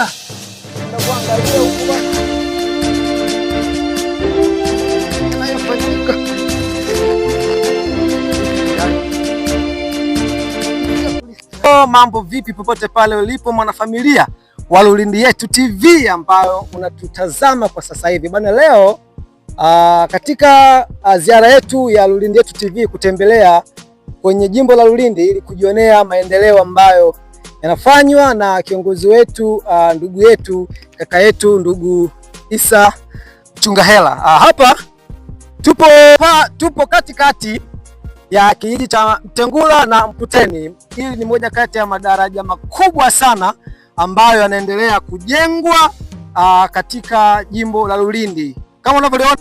Oh, mambo vipi popote pale ulipo mwanafamilia wa Lulindi Yetu TV ambayo unatutazama kwa sasa hivi bana Leo uh, katika uh, ziara yetu ya Lulindi Yetu TV kutembelea kwenye jimbo la Lulindi ili kujionea maendeleo ambayo yanafanywa na kiongozi wetu uh, ndugu yetu kaka yetu ndugu Isa chungahela Uh, hapa tupo, pa, tupo katikati ya kijiji cha Mtengula na Mputeni. Hili ni moja kati ya madaraja makubwa sana ambayo yanaendelea kujengwa uh, katika jimbo la Lulindi kama unavyoona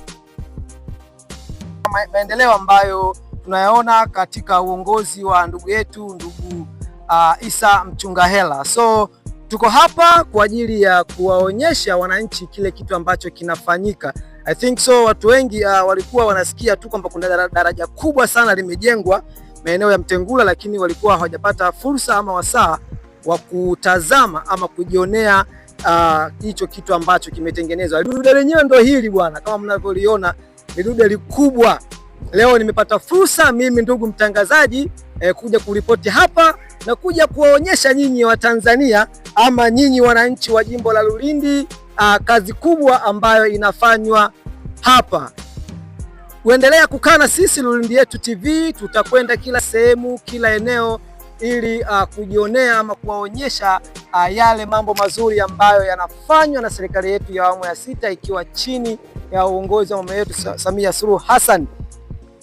maendeleo ambayo tunayaona katika uongozi wa ndugu yetu ndugu uh, Isa hela So tuko hapa kwa ajili ya kuwaonyesha wananchi kile kitu ambacho kinafanyika. I think so, watu wengi uh, walikuwa wanasikia tu kwamba kuna daraja kubwa sana limejengwa maeneo ya Mtengula, lakini walikuwa hawajapata fursa ama wasaa wa kutazama ama kujionea uh, hicho uh, kitu ambacho kimetengenezwa. Lidude lenyewe ndo hili bwana, kama mnavyoliona lidude likubwa. Leo nimepata fursa mimi ndugu mtangazaji eh, kuja kuripoti hapa na kuja kuwaonyesha nyinyi Watanzania ama nyinyi wananchi wa jimbo la Lulindi uh, kazi kubwa ambayo inafanywa hapa. Kuendelea kukaa na sisi Lulindi Yetu TV, tutakwenda kila sehemu, kila eneo ili uh, kujionea ama kuwaonyesha uh, yale mambo mazuri ambayo yanafanywa na serikali yetu ya awamu ya sita ikiwa chini ya uongozi wa mama yetu Samia Suluhu Hassan.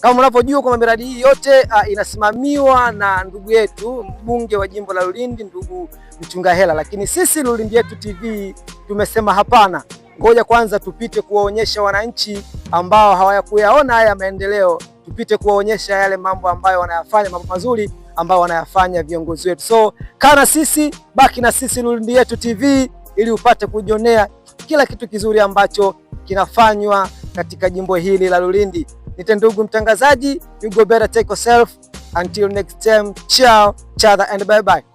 Kama mnapojua kwamba miradi hii yote uh, inasimamiwa na ndugu yetu mbunge wa jimbo la Lulindi ndugu mchunga hela lakini sisi Lulindi yetu TV tumesema hapana, ngoja kwanza tupite kuwaonyesha wananchi ambao hawayakuyaona haya maendeleo, tupite kuwaonyesha yale mambo ambayo wanayafanya, mambo mazuri ambayo wanayafanya viongozi wetu. So kana sisi, baki na sisi Lulindi yetu TV ili upate kujionea kila kitu kizuri ambacho kinafanywa katika jimbo hili la Lulindi. Nite ndugu mtangazaji, you go better take yourself. Until next time, ciao, chatha and bye bye.